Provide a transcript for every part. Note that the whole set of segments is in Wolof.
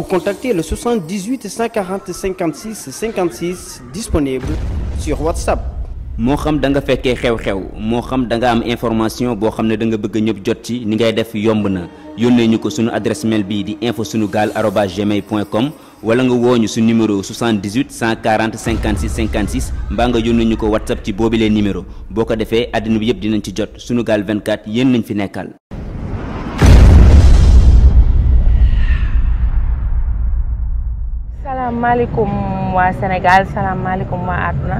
ou contacter le 78 140 56 56 disponible sur WhatsApp. moo xam da nga fekkee xew-xew moo xam da nga am information boo xam ne da nga bëgg ñëpp jot ci ni ngay def yomb na yónnee ñu ko suñu adresse mail bii di info sunu gaal arobase gmail comme com wala nga woo ñu su numéro 78 140 56 56 mbaa nga yónnee ñu ko whatsapp ci boobilee numéro boo ko defee àddina bi yëpp dinañ ci jot sunu gaal 24 yéen nañ fi nekkaal salaamaaleykum waa Sénégal salaamaaleykum waa àdduna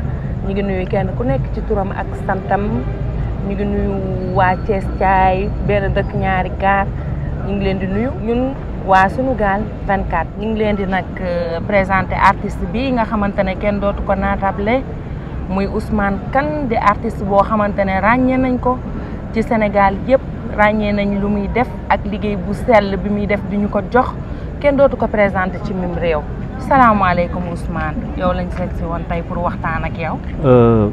ñu ngi nuyu kenn ku nekk ci turam ak santam ñu ngi nuyu waa Thiès Thiaay benn dëkk ñaari gaar ñu ngi leen di nuyu ñun waa Sunugal 24. ñu ngi leen di nag euh, présenté artiste bi nga xamante ne kenn dootu ko naatable muy usmaan kan di artiste boo xamante ne ràññee nañ ko ci Sénégal yëpp ràññee nañ lu muy def ak liggéey bu sell bi muy def di ñu ko jox kenn dootu ko présenté ci mim réew. salaamaaleykum Ousmane yow lañ seet si woon tey pour waxtaan ak yow. Euh,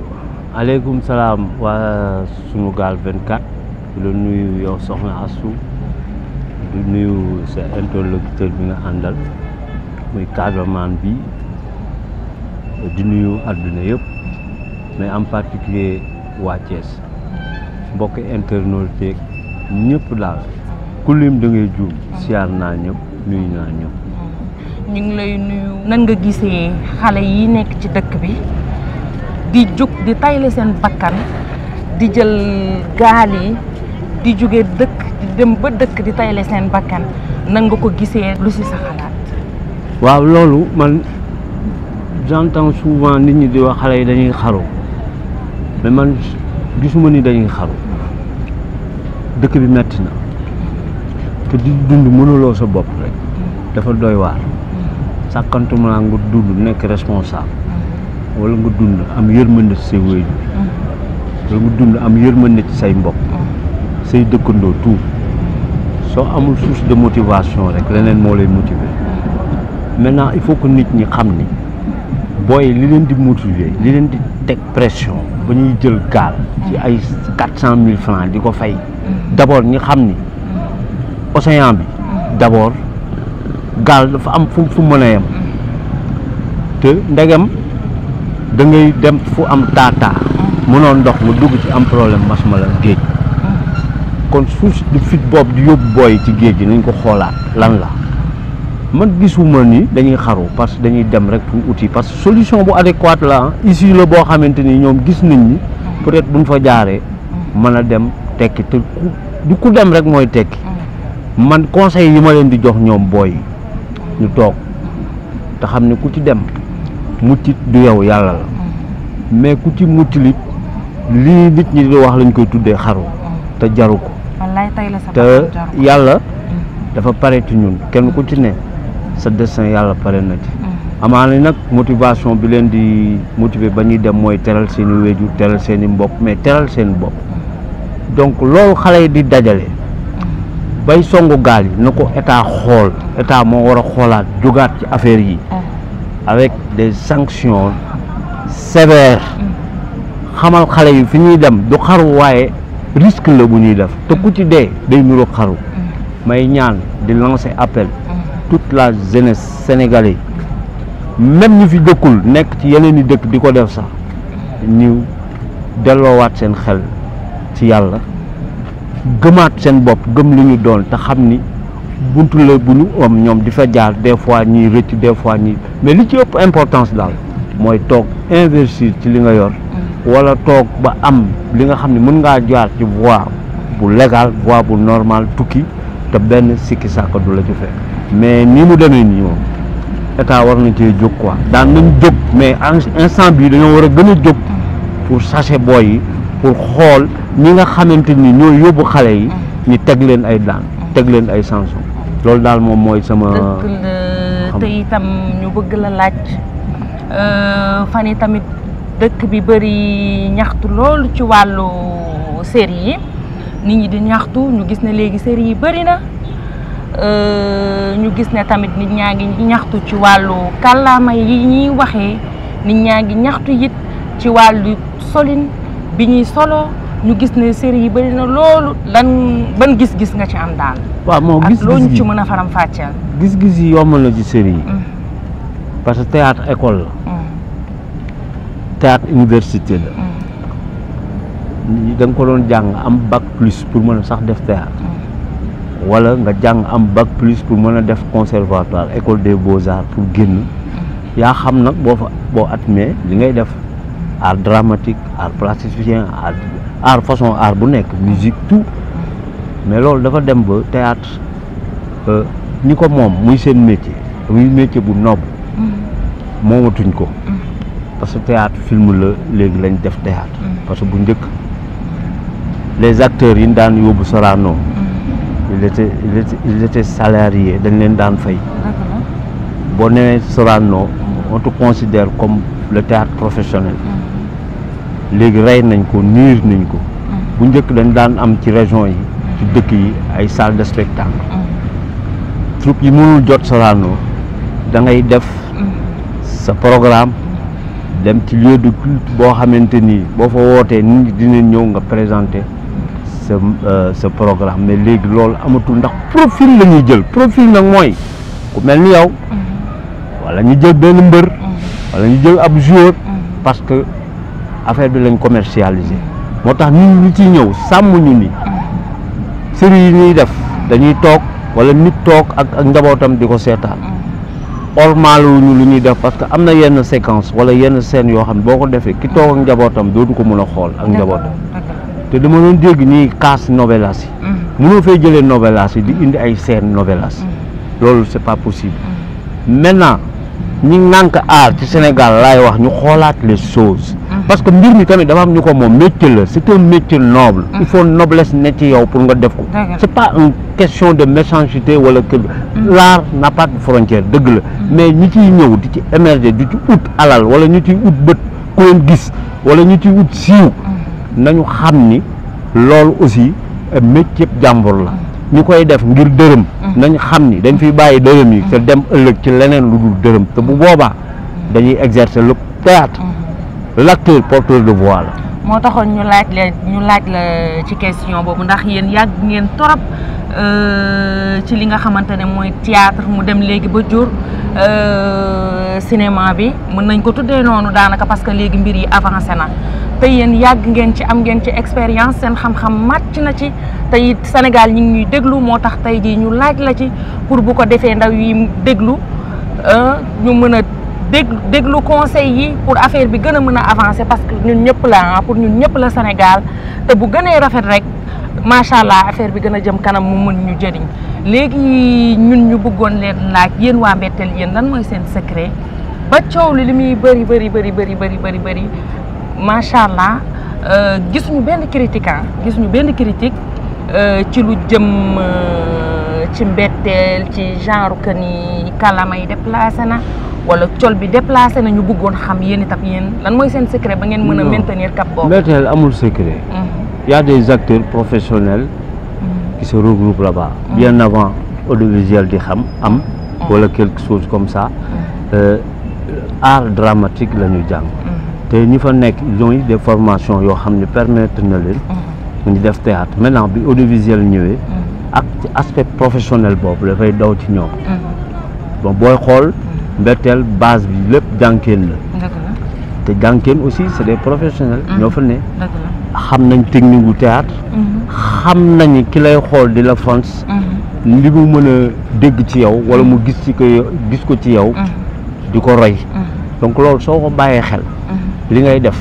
aleykum salaam waa Sunugal 24 di la nuyu yow soxna Astou di nuyu sa interlocuteur bi nga àndal muy cadreman bi di nuyu àdduna yëpp mais en particulier waa Thiès mbokk internaute ñëpp daal ku lim da ngay siyaar naa ñëpp nuyu naa ñëpp. ñu ngi lay nuyu nan nga gisee xale yi nekk ci dëkk bi di jóg di tayle seen bakkan di jël gaal yi di jóge dëkk di dem ba dëkk di tayle seen bakkan nanga nga ko gisee lu si sa xalaat waaw loolu man j'entends souvent nit ñi di wax xale yi dañuy xaru mais man gisuma ni dañuy xaru dëkk bi metti na te di dund mënuloo sa bopp rek dafa doy waar sàkkantuma naa nga dund nekk responsable mm-hmm. wala nga dund am yërmande ci say wéy mm-hmm. wala nga dund am yërmande ci say mbokk mm-hmm. say dëkkandoo tout soo amul source de motivation rek leneen moo lay motiver maintenant il faut que nit ñi xam ni booy li leen di motiver li leen di teg pression ba ñuy jël gaal ci ay quatre cent mille francs di ko fay d'abord ñi xam ni océan bi d'abord gaal dafa am fu fu mën a yem te ndegam da ngay dem fu am taataa mënoon ndox mu dugg ci am problème mas la géej kon suuf du fit boobu di yóbbu booy ci géej gi nañ ko xoolaat lan la man gisuma nii dañuy xaru parce que dañuy dem rek pour outil parce que solution bu adéquate la ah. ici la boo xamante ni ñoom gis nañ ni peut-être buñ fa jaaree mën a dem tekki te ku du ku dem rek mooy tekki mm. man conseil yi ma leen di jox ñoom booy ñu toog te xam ne ku ci dem muccit du yow yàlla la mm. mais ku ci muccilit lii nit ñi di wax lañ koy tuddee xaru mm. te jaru ko te yàlla mm. dafa pare ci ñun kenn ku ci ne sa destin yàlla pare na ci amaana nag motivation bi leen di motiver ba ñuy dem mooy teral seen i wéjur teral seen i mbokk mais teral seen bopp donc loolu xale yi di dajale bay songu gaal yi na ko état xool état moo war a xoolaat jógaat ci affaire yi ah. avec des sanctions sévères xamal xale yi fi ñuy dem du xaru waaye risque la bu ñuy def te ku ci dee day nuru xaru may ñaan di lancer appel toute la jeunesse sénégalaise même ñu fi dëkkul nekk ci yeneen i dëkk di ko def sax ñu delloowaat seen xel ci yàlla gëmaat seen bopp gëm li ñu doon te xam ni buntu la bu ñu am ñoom di fa jaar des fois ñuy rëcc des fois ñuy mais li ci ëpp importance daal mooy toog investir ci li nga yor wala toog ba am li nga xam ne mën ngaa jaar ci voie bu légal voie bu normal tukki te benn sikki sàkka du la ci fekk mais ni mu demee nii moom état war na cee jóg quoi daan nañ jóg mais instant bii dañoo war a gën a jóg pour sachet booy yi pour xool ñi nga xamante ni ñoo yóbbu xale yi ñu teg leen ay daan teg leen ay sanction loolu daal moom mooy sama te itam ñu bëgg la laaj euh, fan yi tamit dëkk bi bëri ñaxtu loolu ci wàllu série yi nit ñi di ñaxtu ñu gis ne léegi série yi bëri na euh, ñu gis ne tamit nit ñaa ngi ñaxtu ci wàllu kàllaama yi ñuy waxee nit ñaa ngi ñaxtu it ci wàllu solin bi ñuy solo ñu gis ne série yi bari na loolu lan ban gis-gis nga ci am daal. waaw moom gis ak loo ñu ci mën a faram fàcceel. gis-gis yi yomb na ci série yi. Mm. parce que théâtre école la. Mm. théâtre université la. Mm. da ko doon jàng am bac plus pour mën a sax def théâtre. wala nga jàng am bac plus pour mën a def conservatoire école des beaux arts pour génn. yaa xam nag boo fa boo atmee li ngay def. art dramatique art plasticien art art façon art bu nekk musique tout mais loolu dafa dem ba théâtre ñi ko moom muy seen métier muy métier bu noble mm-hmm. moomatuñ ko mm-hmm. parce que théâtre film la léegi lañ def théâtre mm-hmm. parce que bu njëkk les acteurs yi daan yóbbu Sorano il était il était salarié dañ leen daan fay boo newee Sorano on te comme le théâtre professionnel léegi rey nañ ko niir nañ ko mm. bu njëkk dañ daan am ci région yi ci mm. dëkk yi ay salle de spectacle mm. troupe yi mënul jot Sorano da ngay def sa programme dem ci lieu de culte boo xamante nii boo fa wootee nit ñi dina ñëw nga présenter sa euh, sa programme mais léegi loolu amatul ndax profil la ñuy jël profil nag mooy ku mel ni yow wala ñu jël benn mbër wala ñu jël ab joueur affaire bi lañ commercialiser moo tax ñun ñu ci ñëw sàmm ñu ni série yi ñuy def dañuy toog wala nit toog ak ak njabootam di ko seetaan ormaluñu lu ñuy def parce que am na yenn séquence wala yenn scène yoo xam ne boo ko defee ki toog ak njabootam dootu ko mën a xool ak njabootam te dama doon dégg ñuy kaas novelas yi mm. mënoo fay jëlee novelas yi di indi ay scène novelas mm. loolu c'est pas possible mm. maintenant ñi nànk aar ci Sénégal laay wax ñu xoolaat les choses parce que mbir mi tamit dafa am ñu ko moom métier la c'est un métier noble mm. il faut noblesse ne ci yow pour nga def ko c'est pas une question de méchanceté wala que mm. l'art n'a pas frontière dëgg la mm. mais ñi ciy ñëw di ci émerger di ci ut alal wala ñu ci ut bët ku gis wala ñu ciy ut siiw nañu xam ni loolu aussi métier jàmbur la ñu koy def ngir dërëm nañ xam ni dañ fiy bàyyi dërëm yi te dem ëllëg ci leneen lu dul dërëm te bu boobaa dañuy exercer le théâtre l'acteur porteur de voix la. moo taxoon ñu laaj la ñu laaj la ci question boobu ndax yéen yàgg ngeen torop euh, ci li nga xamante ne mooy théâtre mu dem léegi ba jur euh, cinéma bi mën nañ ko tuddee noonu daanaka parce que léegi mbir yi avancé na te yéen yàgg ngeen ci am ngeen ci expérience seen xam-xam màcc na ci te it Sénégal ñu ngi ñuy déglu moo tax tey jii ñu laaj la ci pour bu ko defee ndaw yi déglu euh, ñu mën a. dégg déglu conseil yi pour affaire bi gën a mën a avancer parce que ñun ñëpp la ah, pour ñun ñëpp la Sénégal te bu gënee rafet rek macha allah affaire bi gën a jëm kanam mu mën ñu jëriñ léegi ñun ñu buggoon leen laaj yéen waa Mbetteel yéen lan mooy seen secret ba coow li li muy bëri bëri bëri bëri bëri bëri bëri macha allah euh, gisuñu benn critique ah gisuñu benn critique euh, ci lu jëm euh, ci mbetteel ci genre que ni kàllaama yi déplacé na. wala col bi déplacé na ñu bëggoon xam yéen itam yéen lan mooy seen secret ba ngeen mën a maintenir cap boobu. maintenir amul secret. Mhm. y des acteurs professionnels. Mhm. qui se regroupent là-bas. Mhm. bien avant audiovisuel di xam am. wala quelque chose comme ça. Euh, art dramatique la ñu jàng. te ñi fa nekk ils ont eu des formations yoo xam ne permettre na leen. ñu def théâtre maintenant bi audiovisuel ñëwee. ak aspect professionnel boobu dafay daw ci ñoom. bon booy xool. Bertel base bi lépp jànkeen la. te jànkeen aussi c' est des professionnels. Mmh. ñoo fa ne. xam nañ technique gu théâtre. Mmh. xam nañ ki lay xool di la France. Mmh. li mu mën a dégg ci yow wala mu gis ci ko gis ko ci yow. di ko roy. donc loolu soo ko bàyyee xel. li ngay def.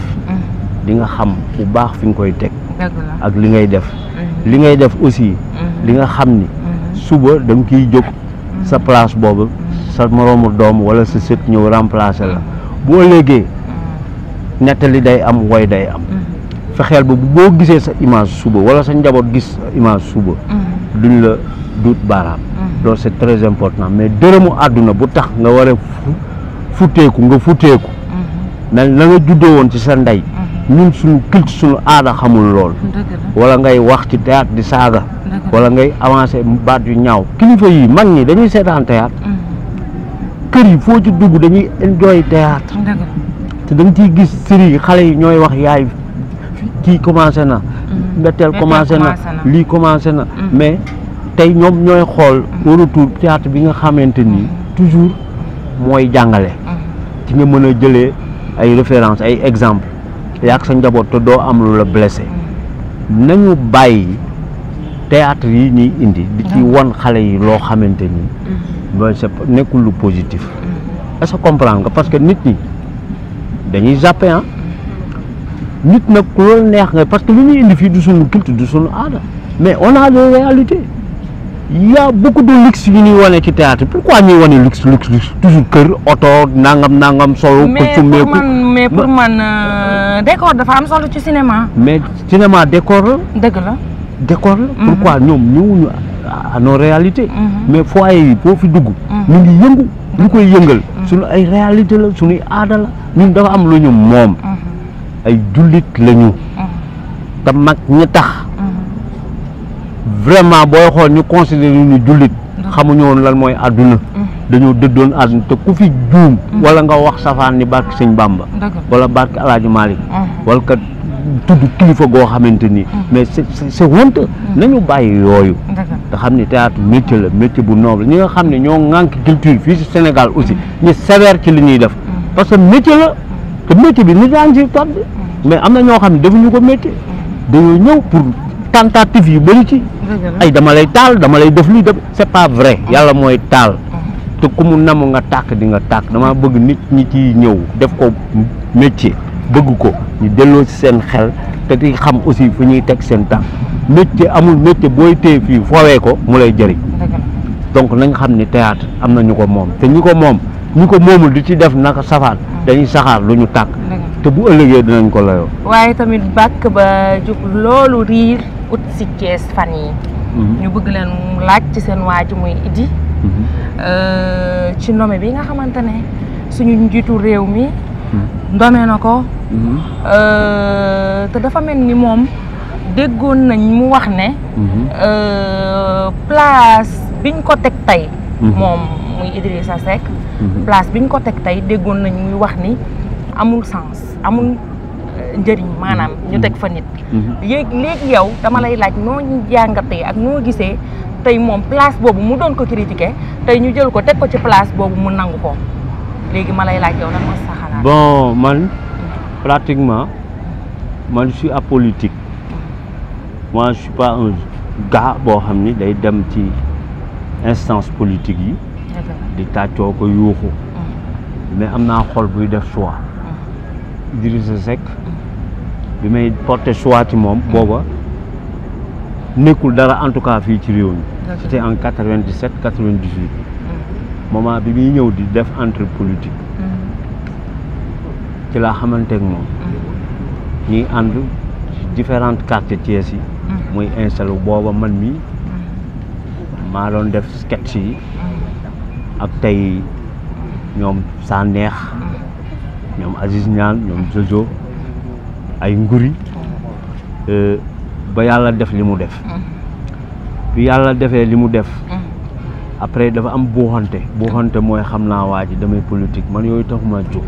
di nga xam bu baax fi nga koy teg. ak li ngay def. li ngay def aussi. li nga xam ni. suba da kiy jóg. sa place boobu sa moroomu doom wala sa set ñëw remplacer la boo léegi nettali day am woy day am mm-hmm. fexeel ba boo gisee sa image suba wala sa njaboot gis image suba mm-hmm. duñ la duut baaraam mm-hmm. loolu c'est très important mais dërëmu àdduna bu tax nga war futteeku nga futteeku mel na nga juddoo woon ci sa ndey ñun suñu culte suñu aada xamul lool wala ngay wax ci théâtre di saaga wala ngay avancé baat yu ñaaw kilifa yi mag ñi dañuy seetaan théâtre mm. kër yi foo ci dugg dañuy enjoy théâtre te da ciy gis yi xale yi ñooy wax yaay kii commencé na mbetteel mm. commencé na lii commencé na mm. mais tey ñoom ñooy xool au retour théâtre bi nga xamante nii toujours mooy jàngale ci nga mën a jëlee ay référence ay exemple yaag sa njaboot te doo am lu la blessé nañu bàyyi théâtre yi ñuy indi di ci ah. won xale yi loo xamante ni mooy mm-hmm. nekkul lu positif mm-hmm. est-ce que comprendre nga parce que nit ñi dañuy jàppe ah mm-hmm. nit nag loolu neex nga parce que lu ñuy indi fii du suñu culte du suñu aada mais on a des réalités Il y a beaucoup de luxe yu ñuy wane ci théâtre pourquoi ñuy wane luxe luxe luxe toujours kër oto nangam nangam solo. ko sumeeku mais man mais pour man euh, décor dafa am solo ci cinéma. mais cinéma décor la. dëgg la. décor la mm-hmm. pourquoi ñoom ñëwuñu à nos réalités mm-hmm. mais foyer ay boo fi dugg mm-hmm. mu ngi yëngu lu koy yëngal suñu ay réalité la suñuy aada la ñun dafa am lu ñu moom ay jullit lañu te mag ñi tax vraiment booy xool ñu considéré ñu jullit xamuñu woon lan mooy àdduna dañoo dëddoon àdduna te ku fi juum wala nga wax safaan ni barke sëñ Bàmba wala barke Alaaji Maalik wala tudd kilifa goo xamante ni. Mm. mais c' est na ñu honte mm. bàyyi yooyu. te xam ni théâtre métier la métier bu noble ñi nga xam ne ñoo ŋànk culture fii si Sénégal aussi mm. ñu sévère ci li ñuy def. parce que métier la bi nit daan si tàdd mais am na ñoo xam ne defuñu ko métier dañoo ñëw pour tentative yu ci. ay dama lay taal dama lay def lii def c' est pas vrai yàlla mooy taal. te ku mu namm nga tàkk di nga tàkk dama bëgg nit ñi ciy ñëw def ko métier. bëgg ko ñu delloo ci seen xel te di xam aussi fu ñuy teg seen tànk métier amul métier booy téye fii foowee ko mu lay jëriñ donc nañ xam ni théâtre am na ñu ko moom te ñi ko moom ñi ko moomul di ci def naka safaan dañuy saxaar lu ñu tàkk te bu ëllëgee dinañ ko layoo waaye tamit bàkk ba jub loolu riir ut si Cees fan yi mhm. ñu bëgg leen laaj ci seen waa ji muy Idy mhm. euh, ci nommé bi nga xamante ne suñu njiitu réew mi ndomee na ko mhm. euh, te dafa mel ni moom déggoon nañ mu wax ne mhm. euh, place biñ ko teg tey mhm. moom muy Idrissa Seck place biñ ko teg tey déggoon nañ muy wax ni amul sens amul euh, njëriñ maanaam ñu teg fa nit léegi léegi yow dama lay laaj noo jàngatee ak noo gisee tey moom place boobu mu doon ko critiquer tey ñu jël ko teg ko ci place boobu mu nangu ko léegi bon man pratiquement man je suis apolitique je suis boo xam ni day dem ci instance politique yi. di tàccoo ko yuuxu. Mm. mais am naa xol buy def choix. Mm. Idrissa Seck mm. bi may porté choix ci moom booba nekkul dara en tout cas fii ci réew mi. c'était en 97 98. moment bi muy ñëw di def entre politique mm-hmm. ci laa xamante ak mm-hmm. ñuy ànd différentes quartiers Thiès yi mm-hmm. muy installé booba man mi maa doon def sketch yi ak tey ñoom saa neex ñoom Aziz Niane ñoom Jojo ay nguri euh, ba yàlla def li mu def bi yàlla defee li mu def après dafa am buuxante buuxante mooy xam naa waa ji damay politique man yooyu taxuma jóg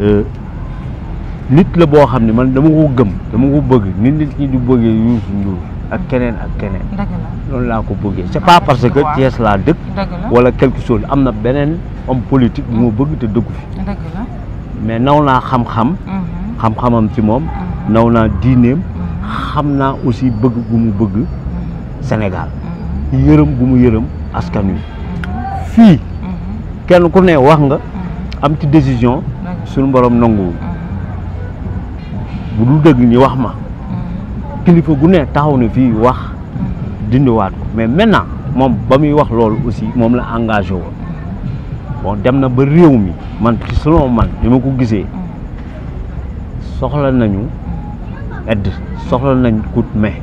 euh, nit la boo xam ne man dama ko gëm dama ko bëgg nit nit ñi du bëggee Youssou Ndour ak keneen ak keneen loolu laa ko bëggee c'est pas parce que Thiès laa dëkk wala quelque chose am na beneen homme politique moo bëgg te dëkku fi mais naw naa xam-xam mm-hmm. xam-xamam ci moom mm-hmm. naw naa diineem mm-hmm. xam naa aussi bëgg gu mu bëgg Sénégal ci yërëm gu mu yërëm askan wi fii kenn ku ne wax nga am ci décision suñu borom nanguwul bu dul dëgg ñi wax ma kilifa gu ne taxaw na fii wax dindiwaat ko mais maintenant moom ba muy wax loolu aussi moom la engagé woon bon dem na ba réew mi man ci selon man ni ma ko gisee soxla nañu aide soxla nañ kut mais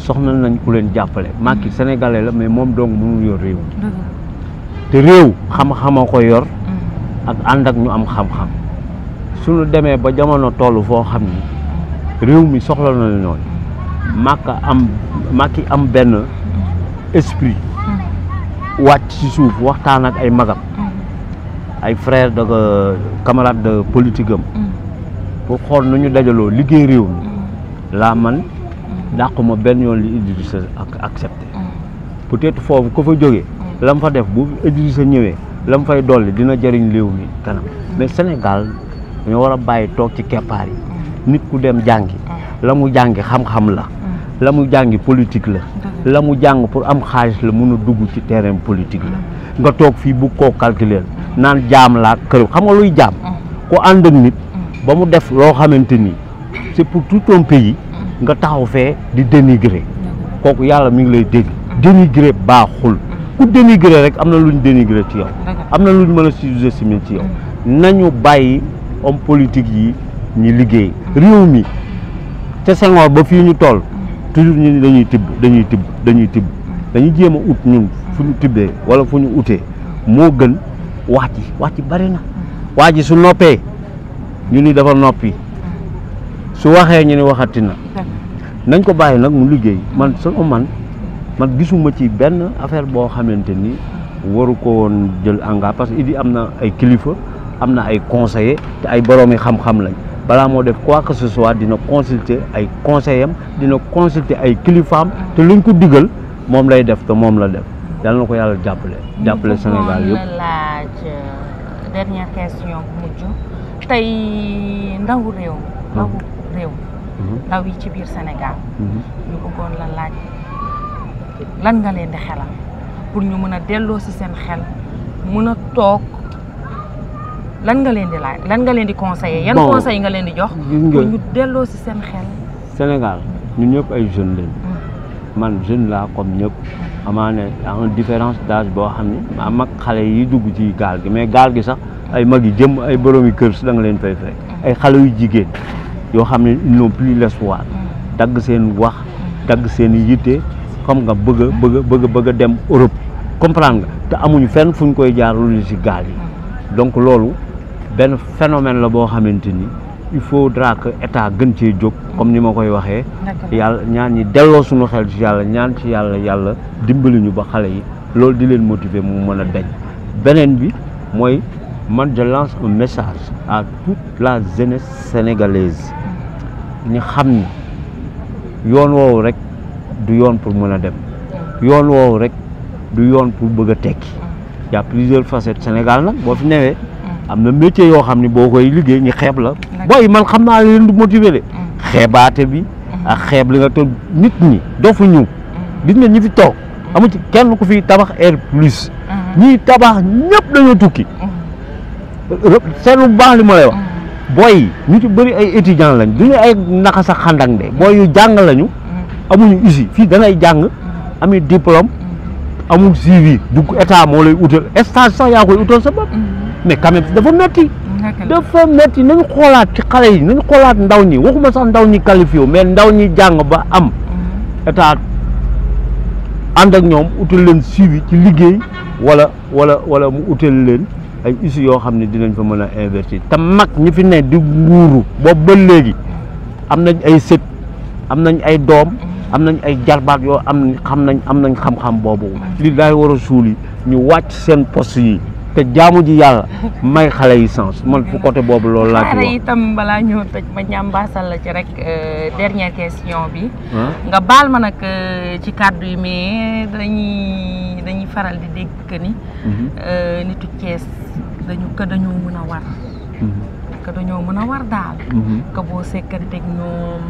soxna nañ ku leen jàppale Macky mm. sénégalais la mais moom dong mënul yor réew te réew xam-xama mm. ko yor ak mm. ànd ak ñu am xam-xam suñu demee ba jamono toll foo xam ni réew mi soxla na noonu Macky am Macky am benn esprit wàcc si suuf waxtaan ak ay magam ay frère de camarade de politique pour xool nu ñu dajaloo liggéey réew mi laa man dàquma benn yoon li Idrissa ak accepté mm. peut-être foofu ko fa jógee mm. la mu fa def bu Idrissa ñëwee la mu fay dolli dina jariñ léew mi kanam mm. mais Sénégal dañoo war a bàyyi toog ci keppaar yi nit ku dem jàngi la mu jàngi xam-xam la la mu jàngi politique la la mu jàng pour am xaalis la mun a dugg ci terrain politique la nga toog fii bu koo calculer naan jaam laa kër xam nga luy jaam ko ànd ak nit ba mu def loo xamante ni c'est pour tout un pays nga taxaw fee di dénigrer kooku yàlla mi ngi lay dégg dénigrer baaxul ku dénigrer rek am na lu luñ dénigrer ci yow am na lu ñu mën a sous-estimer ci yow nañu bàyyi om politique yi ñu liggéey réew mi ca Senghor ba fii ñu toll toujours ñu dañuy tibb dañuy tibb dañuy tibb dañuy jéem a ut fu ñu tibbee wala fu ñu utee moo gën wax ji wax ji bari na ji su noppee ñu ni dafa noppi su waxee ñu ni waxati na nañ ko bàyyi nag mu liggéey man sama man man gisuma ci benn affaire boo xamante ni waru ko woon jël engagement parce que Idy am na ay kilifa am na ay conseillers te ay boroomi xam-xam lañ balaa moo def quoi que ce soit dina consulter ay conseillers dina consulter ay kilifaam te luñ ko diggal moom lay def te moom la def yàlla na ko yàlla jàppale. jàppale Sénégal yëpp euh, tey ndaw réew. ndaw hmm. réew. Mhm. ndaw yi ci biir Sénégal mhm. ñu bëggoon la laaj lan nga leen di xelal pour ñu mën a delloo si seen xel mun a toog lan nga leen di laaj lan nga leen di conseiller yan conseil nga leen di jox pour ñu delloo si seen xel Sénégal ñu ñëpp ay jeunes lañ mhm. man jeune laa comme ñëpp amaana en différence d'âge boo xam ne am mag xale yi dugg ci gaal gi mais gaal gi sax ay mag yi jëm ay yi kër si da nga leen fay fekk ay xale yu jigéen yoo xam ne ils n'ont plus l'espoir dagg seen wax dagg seen yitte xam nga bëgg a bëgg bëgg bëgg dem Europe comprendre nga te amuñu fenn fu ñu koy jaar lu ci gaal yi donc loolu benn phénomène la boo xamante ni il faudra que état gën cee jóg comme ni ma koy waxee yàlla ñaan ñi delloo suñu xel ci yàlla ñaan ci yàlla yàlla dimbali ñu ba xale yi loolu di leen motiver mu mën a dañ beneen bi mooy man je un message à toute la jeunesse sénégalaise ñu xam ni yoon woowu rek du yoon pour mën a dem yoon woowu rek du yoon pour bëgg a tekki y a plusieurs facettes Sénégal nag boo fi newee am na métier yoo xam ni boo koy liggéey ñi xeeb la booy man xam naa leen du motivé de mm. xeebaate bi mm. a xeeb li nga toog nit ñi dofu ñu mm. gis ñu ñi fi toog amu ci kenn ku fi tabax air plus ñii tabax ñëpp dañoo tukki seetlu bu baax li ma lay wax booy ñu ci bëri ay étudiants lañ du ñu ay naxa sax xandang de booy yu jàng lañu amuñu usi fii danay jàng ami diplôme amul suivi du état moo lay utal stage sax yaa koy utal sa mais quand dafa metti dafa metti nañu xoolaat ci xale yi nañu xoolaat ndaw ñi waxuma sax ndaw ñi qualifié mais ndaw ñi jàng ba am état ànd ak ñoom utal leen suivi ci liggéey wala wala wala mu utal leen ay usines yoo xam ne dinañ fa mën a investir te mag ñu fi ne di nguuru boobu ba léegi am nañ ay sët am nañ ay doom am nañ ay jarbaat yoo am xam nañ am nañ xam-xam boobu li daay war a suul yi ñu wàcc seen poste yi te jaamu ji yàlla may xale yi sens man fu côté boobu loolu laa ci wax itam balaa ñoo tëj ma ñàmbaasal la ci rek euh, dernière question bi nga baal ma nag euh, ci kàddu yi mais dañuy dañuy faral di dégg que ni mhm. euh, nitu Cees dañu que dañoo mën a war mm-hmm. que dañoo mën a war daal mm-hmm. que boo sekkanteeg ñoom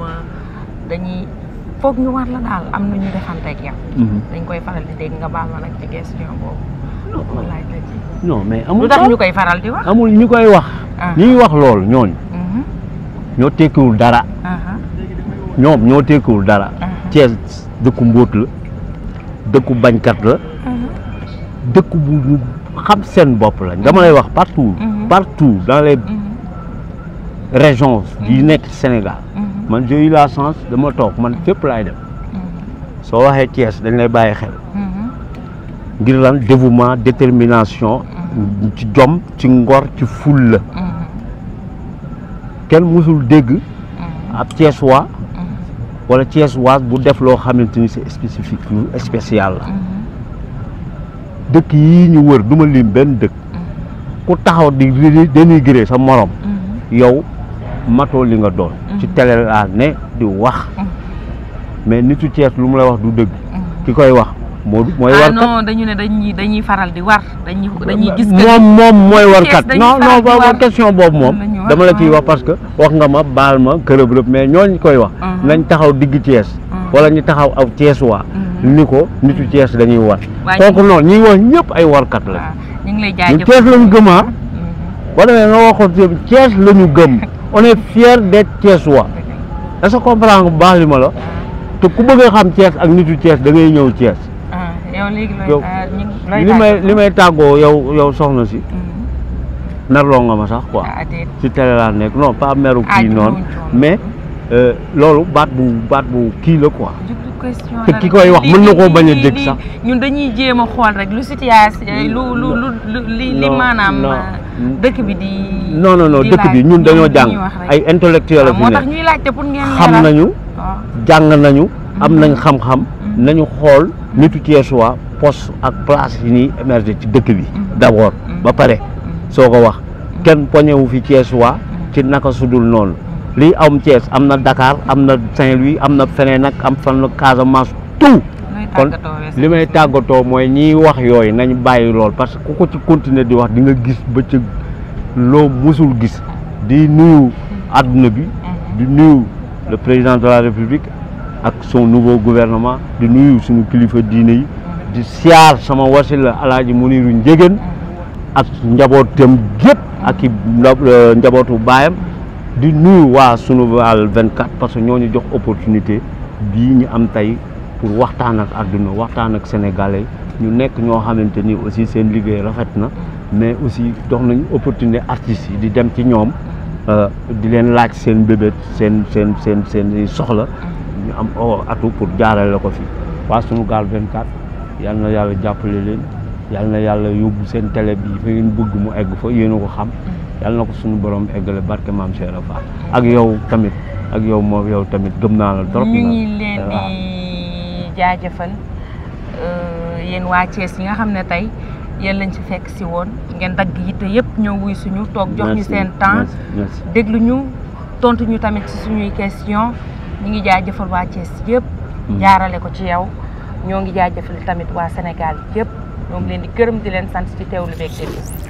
dañuy foog ñu war la daal am na ñu defanteeg yow mm-hmm. dañ koy faral di dégg nga baal ma nag ci question boobu mais amul lu tax ñu koy faral di wax amul ñu koy wax ah. ñuy wax lool ñooñ ñoo tekkiwul dara uh-huh. ñoom ñoo tekkiwul dara Thiès uh-huh. dëkku mbóot la dëkku bañkat la uh-huh. dëkku bu xam seen bopp lañ dama lay wax partout mhm. partout dans les mhm. régions mhm. yi nekk Sénégal man j'ai la sance dama toog man fépp laay dem soo waxee Thiès dañ lay bàyyi xel ngir lan dévouement détermination ci jom ci ngor ci fulla kenn musul dégg ab Thiès waa wala Thiès waa bu def loo xamante ni c'est spécifique la dëkk yii ñu wër duma lim benn dëkk mm-hmm. ku taxaw di dénigré sa morom mm-hmm. yow matoo li nga doon ci mm-hmm. télé ne di wax mais nitu Cees lu mu la wax du dëgg ki koy wax moo mooy ah, warkat non dañu ne dañuy dañuy faral di war dañuy dañuy gis moom moom mooy warkat non non ba question boobu moom dama la kiy wax parce que wax nga ma baal ma kërëb-rëb mais ñooñ koy wax nañ taxaw digg Cees wala ñu taxaw ak Cees waa ni ko nitu Cees dañuy war kooku noonu ñuy wax ñëpp ay warkat la ñu Cees la ñu gëm ah a mm-hmm. demee nga waxoon fi Cees la ñu gëm on fier d'être Thiessois est-ce que comprendre nga li ma la ah. te ku bëgg a xam Cees ak nitu Cees da ngay ñëw Cees ah, yow ah, li may li may tàggoo yow yow soxna si mm-hmm. na nga ma sax quoi si télé laa nekk non pas meru kii noonu mais Euh, loolu baat bu baat bu kii la quoi. te ki koy wax mën na koo bañ a dégg sax. ñun dañuy jéem a xool rek lu situation lu lu lu li maanaam. Euh, dëkk bi di. non non dëkk bi ñun dañoo jàng ay intellectuel la ah, fi ne. moo tax ñuy xam nañu. Oh. jàng nañu. am nañ mm-hmm. xam-xam. Mm-hmm. nañu xool nitu Thiessois poste ak place yi ni émerger ci dëkk bi. Mm-hmm. d'abord ba pare soo ko wax kenn poñewu fi Thiessois ci naka su dul noonu. lii am Thiès am na Dakar am na Saint-Louis am na feneen nag am fan Casamance tout kon li may tàggatoo mooy ñiy wax yooyu nañ bàyyi lool parce que ku ci continuer di wax dinga gis ba loo musul gis di nuyu adduna bi mhm. di nuyu le président de la République ak son nouveau gouvernement di nuyu suñu kilifa diine yi di siyaar sama wasila alaaji Muniru Njëgéen ak njabootam gépp ak i euh, njabootu baayam di nuyu waa Sunugal 24 parce que ñoo ñu jox opportunité bii ñu am tey pour waxtaan ak àdduna waxtaan ak sénégalais ñu nekk ñoo xamante ni aussi seen liggéey rafet na mais aussi dox nañu opportunité artistes yi di dem ci ñoom euh, di leen laaj seen bébét seen seen seen seen soxla ñu am atu pour jaarale ko fi waa Sunugal 24 yal na yàlla jàppale leen yal na yàlla yóbbu seen télé bi fa ngeen bëgg mu egg fa yéen ko xam yàlla na ko suñu borom eggale barke maam Cheikh Rafa ak yow tamit ak yow moom yow tamit gëm naa la trop. ñu ngi leen di jaajëfal euh, yéen waa Thiès yi nga xam ne tey yéen lañ ci fekk si woon ngeen dagg yitte yëpp ñëw wuy suñu toog jox ñu seen temps déglu ñu tontu tamit si suñuy question ñu ngi jaajëfal waa Thiès yëpp. Mm. jaarale ko ci yow ñoo ngi jëfal tamit waa Sénégal yëpp ñoo leen di gërëm di leen sant ci teewlu beeg déglu.